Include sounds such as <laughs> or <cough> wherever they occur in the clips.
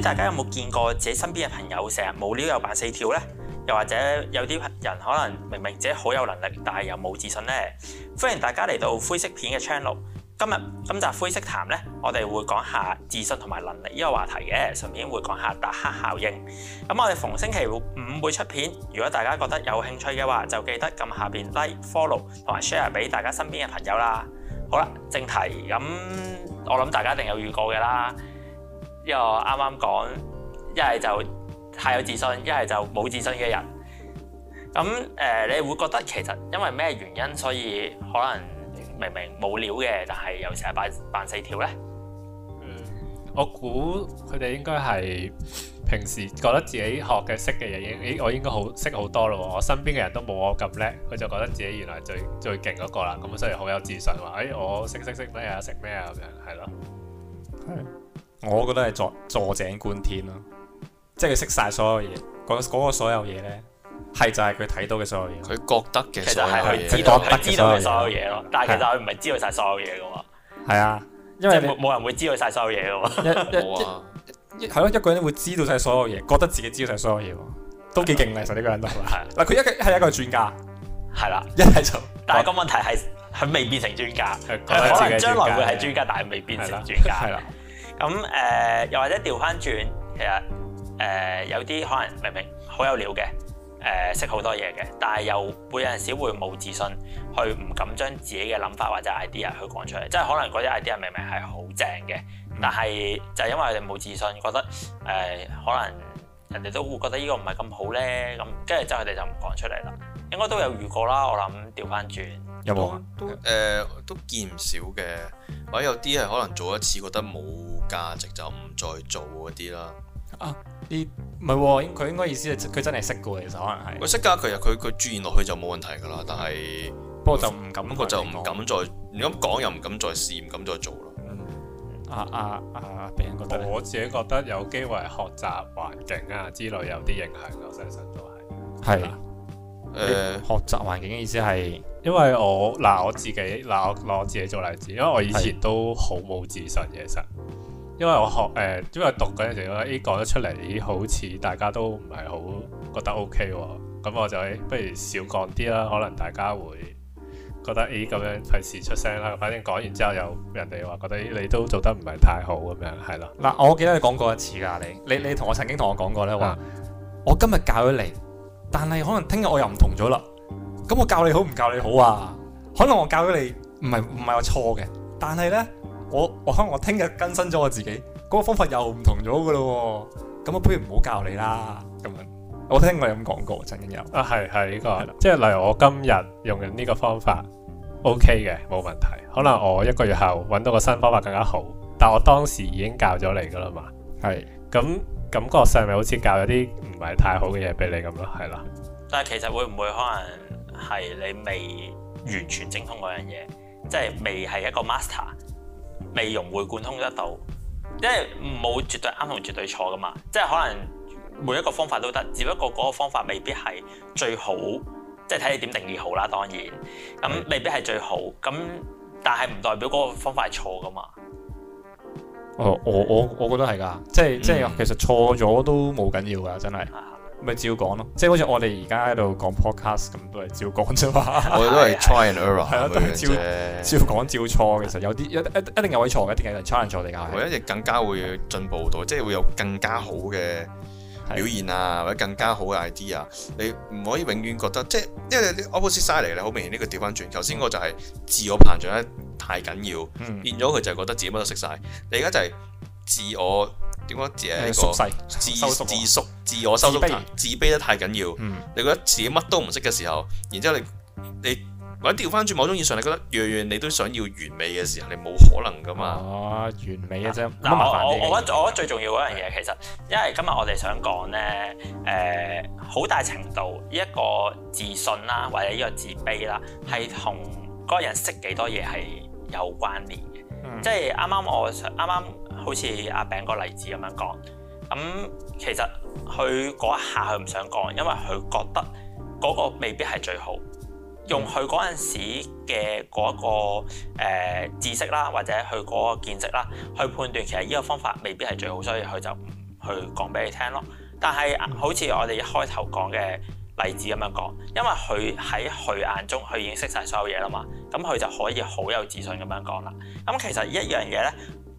大家有冇見過自己身邊嘅朋友成日冇料又扮四條呢？又或者有啲人可能明明自己好有能力，但係又冇自信呢？歡迎大家嚟到灰識片嘅 channel。今日今集灰色談呢，我哋會講下自信同埋能力呢個話題嘅，順便會講下達克效應。咁我哋逢星期五會出片。如果大家覺得有興趣嘅話，就記得撳下邊 like、follow 同埋 share 俾大家身邊嘅朋友啦。好啦，正題咁，我諗大家一定有遇過嘅啦。呢個啱啱講，一係就係有自信，一係就冇自信嘅人。咁誒，你會覺得其實因為咩原因，所以可能明明冇料嘅，但係又成日扮扮四條咧？嗯，我估佢哋應該係平時覺得自己學嘅、識嘅嘢，咦，我應該好識好多咯。我身邊嘅人都冇我咁叻，佢就覺得自己原來最最勁嗰個啦。咁所以好有自信話，誒，我識識識咩啊，識咩啊咁樣，係咯，係。我覺得係坐坐井觀天咯，即係佢識晒所有嘢，嗰嗰個所有嘢咧，係就係佢睇到嘅所有嘢。佢覺得嘅其實係佢知道，佢知道嘅所有嘢咯。但係其實佢唔係知道晒所有嘢嘅喎。係啊，因為冇冇人會知道晒所有嘢嘅喎。係咯，一個人會知道晒所有嘢，覺得自己知道晒所有嘢，都幾勁嘅，其實呢個人都係。嗱，佢一係一個專家，係啦，一睇就。但係個問題係佢未變成專家，可能將來會係專家，但係未變成專家。係啦。咁誒、呃，又或者調翻轉，其實誒、呃、有啲可能明明好有料嘅，誒識好多嘢嘅，但係又會有陣時會冇自信，去唔敢將自己嘅諗法或者 idea 去講出嚟。即係可能嗰啲 idea 明明係好正嘅，但係就係因為佢哋冇自信，覺得誒、呃、可能人哋都會覺得呢個唔係咁好咧，咁跟住之後佢哋就唔講出嚟啦。應該都有遇過啦，我諗調翻轉。有冇啊？都誒、呃，都見唔少嘅，或者有啲係可能做一次覺得冇價值就唔再做嗰啲啦。啊，啲唔係，佢應該意思係佢真係識嘅，其實可能係。佢識噶，其實佢佢鑽落去就冇問題噶啦。但係、嗯、不過就唔敢、嗯，不過就唔敢再，如咁講又唔敢再試唔敢再做咯。嗯，啊啊阿，俾、啊、人覺得，我自己覺得有機會學習環境啊之類有啲影響我真心都係。係啦。誒，欸、學習環境嘅意思係，因為我嗱我自己，嗱我攞我自己做例子，因為我以前都好冇自信嘅，其實，因為我學誒、呃，因為讀嗰陣時，咦講咗出嚟，咦好似大家都唔係好覺得 O K，咁我就、欸、不如少講啲啦，可能大家會覺得咦咁、欸、樣費事出聲啦，反正講完之後有人哋話覺得你都做得唔係太好咁樣，係啦。嗱、啊，我記得你講過一次噶，你你你同我曾經同我講過咧話，啊、我今日教咗你。但係可能聽日我又唔同咗啦，咁我教你好唔教你好啊？可能我教咗你唔係唔係我錯嘅，但係呢，我我可能我聽日更新咗我自己，嗰、嗰個方法又唔同咗噶咯，咁我不如唔好教你啦。咁樣我聽我有咁講過曾經有。啊，係係呢個， <laughs> 即係例如我今日用緊呢個方法 OK 嘅冇問題，可能我一個月後揾到個新方法更加好，但我當時已經教咗你噶啦嘛，係咁感覺上咪好似教有啲。唔係太好嘅嘢俾你咁咯，係啦。但係其實會唔會可能係你未完全精通嗰樣嘢，即係未係一個 master，未融會貫通得到。因為冇絕對啱同絕對錯㗎嘛，即係可能每一個方法都得，只不過嗰個方法未必係最好，即係睇你點定義好啦。當然，咁未必係最好，咁但係唔代表嗰個方法係錯㗎嘛。我我我我覺得係㗎，即係、嗯、即係其實錯咗都冇緊要㗎，真係咪照講咯。即係好似我哋而家喺度講 podcast 咁，都係照講啫嘛。我哋都係 try and error 係咯，都係照照講照錯。其實有啲一一定有位錯嘅，一定有人 try and 錯嚟㗎。一我一直更加會進步到，即係會有更加好嘅表現啊，或者更加好嘅 idea。你唔可以永遠覺得即係因為啲 opposite side 好明顯呢個調翻轉。頭先我就係自我膨脹咧。太緊要，嗯、變咗佢就覺得自己乜都識晒。嗯、你而家就係自我點講？誒，縮細、收縮、自己一個、嗯、自縮、啊、自我收縮、自卑得太緊要。嗯、你覺得自己乜都唔識嘅時候，然之後你你揾，調返轉某種意義上，你覺得樣樣你都想要完美嘅時候，你冇可能噶嘛？啊，完美嘅啫，冇乜、啊、麻煩，我覺得我，我覺得最重要嗰樣嘢，其實因為今日我哋想講咧，誒、呃、好大程度一個自信啦，或者一個自卑啦，係同個人，家人，家人家識幾多嘢係有關聯嘅，即係啱啱我啱啱好似阿餅個例子咁樣講，咁、嗯、其實佢嗰一下佢唔想講，因為佢覺得嗰個未必係最好，用佢嗰陣時嘅嗰、嗰個、呃、知識啦，或者佢嗰個見識啦，去判斷其實呢個方法未必係最好，所以佢就唔去講俾你聽咯。但係好似我哋一開頭講嘅例子咁樣講，因為佢喺佢眼中，佢已經識晒所有嘢啦嘛。咁佢就可以好有自信咁樣講啦。咁其實一樣嘢咧，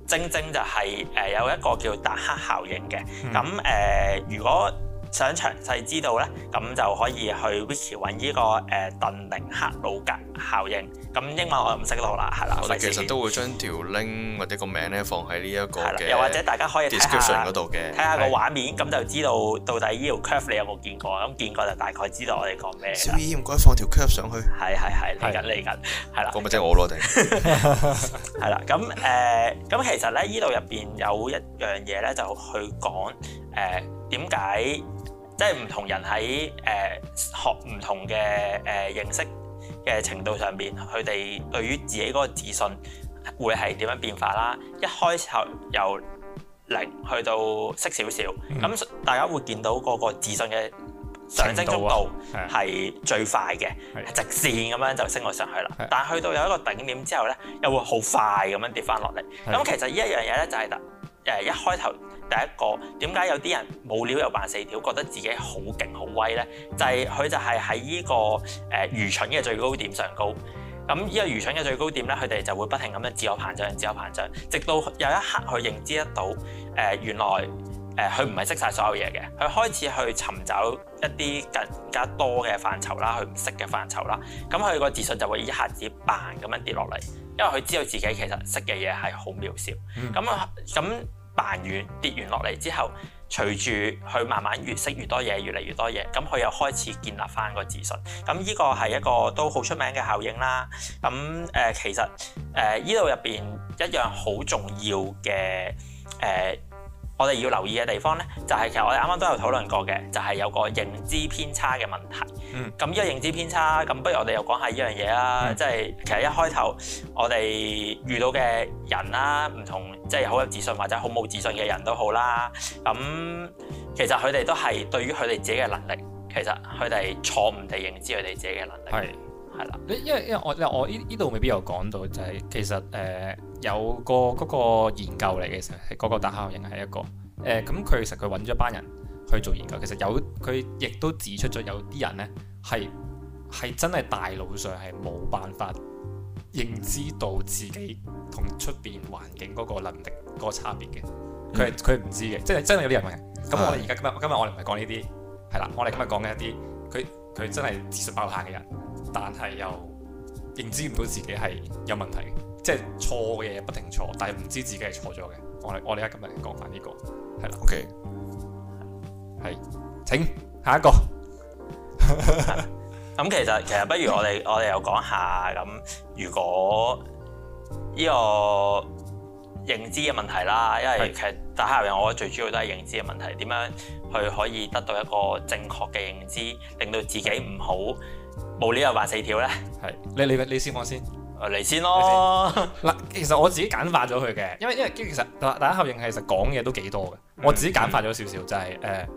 正正就係誒有一個叫達克效應嘅。咁誒、嗯呃，如果想詳細知道咧，咁就可以去 wiki 揾依個誒鄧寧克魯格效應。咁英文我又唔識到啦，係啦。我哋其實都會將條 link 或者個名咧放喺呢一個嘅，又或者大家可以 description 嗰度嘅睇下個的畫面，咁就知道到底依條 curve 你有冇見過。咁見過就大概知道我哋講咩。小二唔該放條 curve 上去。係係係，嚟緊嚟緊，係啦。咁咪即係我攞定？係啦。 <laughs> <laughs> 咁誒，咁、呃、其實咧依度入邊有一樣嘢咧，就去講誒點解？呃即係唔同人喺誒、呃、學唔同嘅誒認識嘅程度上邊，佢哋對於自己嗰、嗯、個自信會係點樣變化啦？一開始由零去到識少少，咁大家會見到嗰個自信嘅上升速度係最快嘅，啊、直線咁樣就升咗上去啦。是的 但係去到有一個頂點之後咧，又會好快咁樣跌翻落嚟。咁是的 其實呢一樣嘢咧就係、是誒一開頭第一個點解有啲人冇料又扮四條，覺得自己好勁好威呢？就係、是、佢就係喺呢個誒愚蠢嘅最高點上高。咁呢個愚蠢嘅最高點呢，佢哋就會不停咁樣自我膨脹，自我膨脹，直到有一刻佢認知得到誒、呃、原來。誒，佢唔係識晒所有嘢嘅，佢開始去尋找一啲更加多嘅範疇啦，佢唔識嘅範疇啦，咁佢個自信就會一下子崩咁樣跌落嚟，因為佢知道自己其實識嘅嘢係好渺小。咁啊、嗯，咁崩完跌完落嚟之後，隨住佢慢慢越識越多嘢，越嚟越多嘢，咁佢又開始建立翻個自信。咁呢個係一個都好出名嘅效應啦。咁誒、呃，其實誒呢度入邊一樣好重要嘅誒。呃我哋要留意嘅地方咧，就係、是、其實我哋啱啱都有討論過嘅，就係、是、有個認知偏差嘅問題。咁呢、嗯、個認知偏差，咁不如我哋又講下呢樣嘢啦。即係、嗯、其實一開頭我哋遇到嘅人啦，唔同即係好有自信或者好冇自信嘅人都好啦。咁其實佢哋都係對於佢哋自己嘅能力，其實佢哋錯誤地認知佢哋自己嘅能力。係係啦，因為因為我因我依依度未必有講到、就是，就係其實誒、呃、有個嗰、那個研究嚟嘅時，係嗰個達克效應係一個誒，咁、呃、佢其實佢揾咗一班人去做研究，其實有佢亦都指出咗有啲人呢係係真係大腦上係冇辦法認知到自己同出邊環境嗰個能力個差別嘅，佢係佢唔知嘅，即係真係有啲人咁、啊。我哋而家今日今日我哋唔係講呢啲，係啦，我哋今日講嘅一啲，佢佢真係自信爆棚嘅人。但係又認知唔到自己係有問題，即係錯嘅嘢不停錯，但係唔知自己係錯咗嘅。我我哋而家今日講返呢個，係啦，OK，係請下一個。咁、 <laughs> 嗯、其實其實不如我哋我哋又講下咁，如果呢個認知嘅問題啦，因為其實打開嚟，我覺得最主要都係認知嘅問題，點樣去可以得到一個正確嘅認知，令到自己唔好。冇料又話四條咧，係你你你先講先，啊嚟先咯嗱先， <laughs> 其實我自己簡化咗佢嘅，因為因為其實大家合應其實講嘢都幾多嘅，我自己簡化咗少少就係誒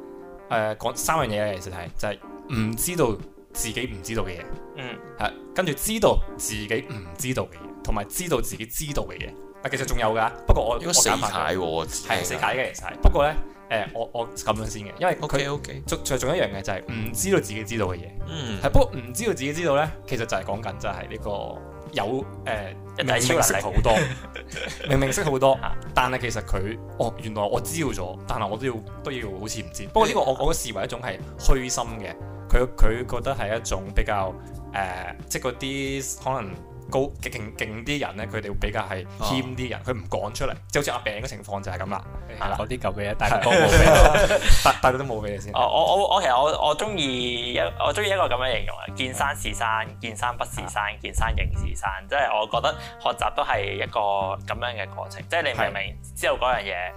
誒講三樣嘢嘅其實係就係、是、唔知道自己唔知道嘅嘢，嗯係跟住知道自己唔知道嘅嘢，同埋知道自己知道嘅嘢，嗱其實仲有㗎，不過我四、啊、我，化我四解喎係四解嘅其實係，嗯、不過咧。誒、呃，我我咁樣先嘅，因為佢仲仲仲一樣嘅就係、是、唔知道自己知道嘅嘢，嗯，係不過唔知道自己知道咧，其實就係講緊就係呢個有誒、呃、明明識好多， <laughs> 明明識好多，但係其實佢哦原來我知道咗，但係我都要都要好似唔知。不過呢個我覺得視為一種係虛心嘅，佢佢覺得係一種比較誒、呃，即係嗰啲可能。高極勁勁啲人咧，佢哋會比較係謙啲人，佢唔講出嚟，就好似阿病嘅情況就係咁啦。係啦、啊，嗰啲舊嘅嘢，但係都冇俾你先。哦，我我我其實我我中意我中意一個咁樣形容啊，見山是山，嗯、見山不是山，啊、見山仍是山。即係我覺得學習都係一個咁樣嘅過程。即係你明明知道嗰樣嘢，是的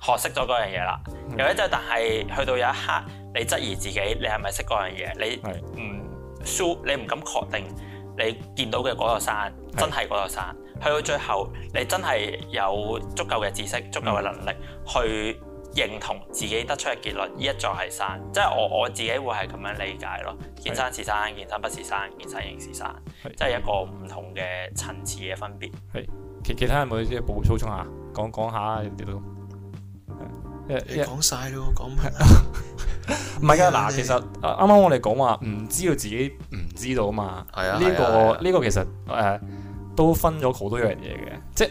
學識咗嗰樣嘢啦。有一陣，但係去到有一刻，你質疑自己你，你係咪識嗰樣嘢？你唔 sure，你唔敢確定。你見到嘅嗰座山，真係嗰座山。去的到最後，你真係有足夠嘅知識、足夠嘅能力，嗯、去認同自己得出嘅結論，依一座係山。即係我我自己會係咁樣理解咯。見山是山，是的見山不是山，見山仍是山，是的即係一個唔同嘅層次嘅分別。係，其其他人咪即係補充下，講講下啲都。係、嗯，嗯嗯、 <laughs> 講曬咯，講咩啊？唔係㗎，嗱，你 其實啱啱我哋講話，唔知道自己唔。嗯知道啊嘛，呢、啊這個呢、啊、個其實誒、呃、都分咗好多樣嘢嘅，即係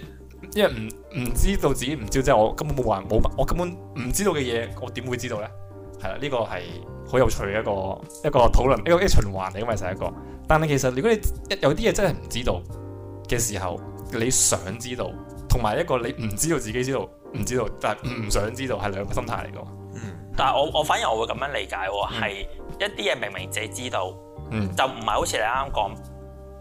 因為唔唔知道自己唔知，即係我根本冇話冇，我根本唔知道嘅嘢，我點會知道咧？係啦、啊，呢、這個係好有趣一個一個討論，一個，一個循環嚟，因為成一個。但係其實如果你有啲嘢真係唔知道嘅時候，你想知道，同埋一個你唔知道自己知道唔知道，但係唔想知道，係兩個心態嚟噶。嗯，但係我我反而我會咁樣理解、哦，係一啲嘢明明自己知道。嗯嗯就唔係好似你啱啱講，誒、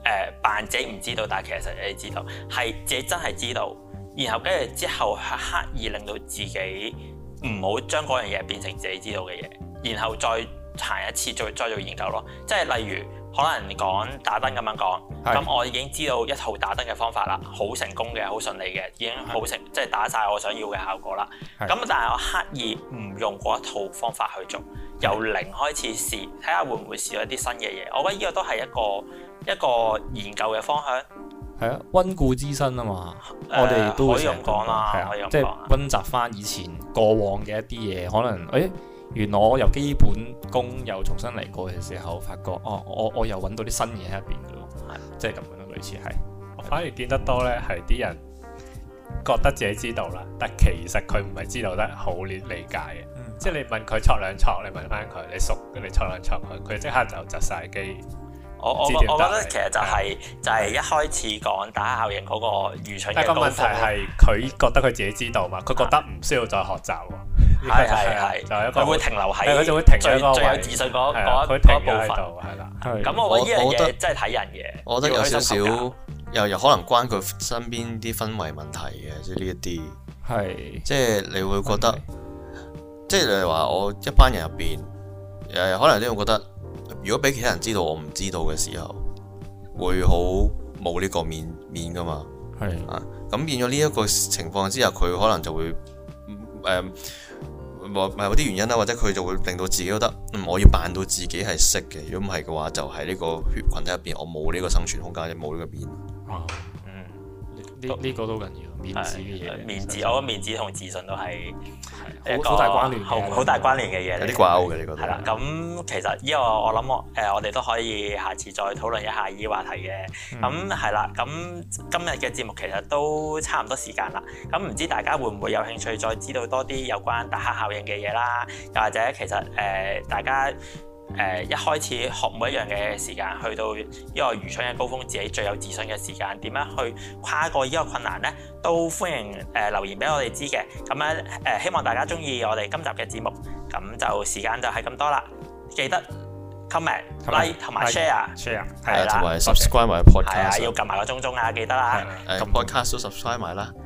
呃、扮自己唔知道，但係其實你知道，係自己真係知道，然後跟住之後去刻意令到自己唔好將嗰樣嘢變成自己知道嘅嘢，然後再行一次再再做研究咯。即係例如可能講打燈咁樣講，咁是我已經知道一套打燈嘅方法啦，好成功嘅，好順利嘅，已經好成是即係打晒我想要嘅效果啦。咁是但係我刻意唔用嗰一套方法去做。由零開始試，睇下會唔會試到一啲新嘅嘢。我覺得呢個都係一個一個研究嘅方向。係啊，温故知新啊嘛，呃、我哋都會成日講啦，即係温習返以前過往嘅一啲嘢。可能誒、哎，原來我由基本功又重新嚟過嘅時候，發覺哦，我我又揾到啲新嘢喺入邊咯。即係咁樣咯，類似係。我反而見得多呢，係啲人。覺得自己知道啦，但其實佢唔係知道得好理理解嘅，即係你問佢錯兩錯，你問翻佢，你熟，你錯兩錯佢，佢即刻就窒晒機。我我我覺得其實就係就係一開始講打效應嗰個愚蠢嘅問題。但係個問題係佢覺得佢自己知道嘛，佢覺得唔需要再學習喎。係係係，就係一個佢會停留喺佢就會停喺個最最有自信嗰嗰嗰一部分，係啦。咁我覺得呢樣嘢真係睇人嘅。我覺得有少少。又又可能關佢身邊啲氛圍問題嘅，即係呢一啲，係是即係你會覺得，的即係你話我一班人入邊，誒，可能你會覺得，如果俾其他人知道我唔知道嘅時候，會好冇呢個面面噶嘛，係的啊，咁變咗呢一個情況之下，佢可能就會誒，或唔係有啲原因啦，或者佢就會令到自己覺得，嗯、我要扮到自己係識嘅，如果唔係嘅話，就係呢個血群體入邊，我冇呢個生存空間，即冇呢個面。嗯，呢呢個都緊要，面子嘅嘢。面子，我面子同自信都係係好大關聯嘅，好大關聯嘅嘢。有啲掛鈎嘅，你覺得？係啦，咁其實呢個我諗我誒，我哋都可以下次再討論一下呢啲話題嘅。咁係啦，咁、嗯、今日嘅節目其實都差唔多時間啦。咁唔知大家會唔會有興趣再知道多啲有關達克效應嘅嘢啦？又或者其實誒、呃，大家。誒、呃、一開始學每一樣嘅時間，去到呢個愚蠢嘅高峰，自己最有自信嘅時間，點樣去跨過呢個困難咧？都歡迎誒、呃、留言俾我哋知嘅。咁咧誒，希望大家鍾意我哋今集嘅節目。咁就時間就係咁多啦。記得 comment、like 同埋 share share 係啦，subscribe 埋 podcast 係啊，要撳埋個鐘鍾啊，記得啦，誒 podcast subscribe 埋啦。的的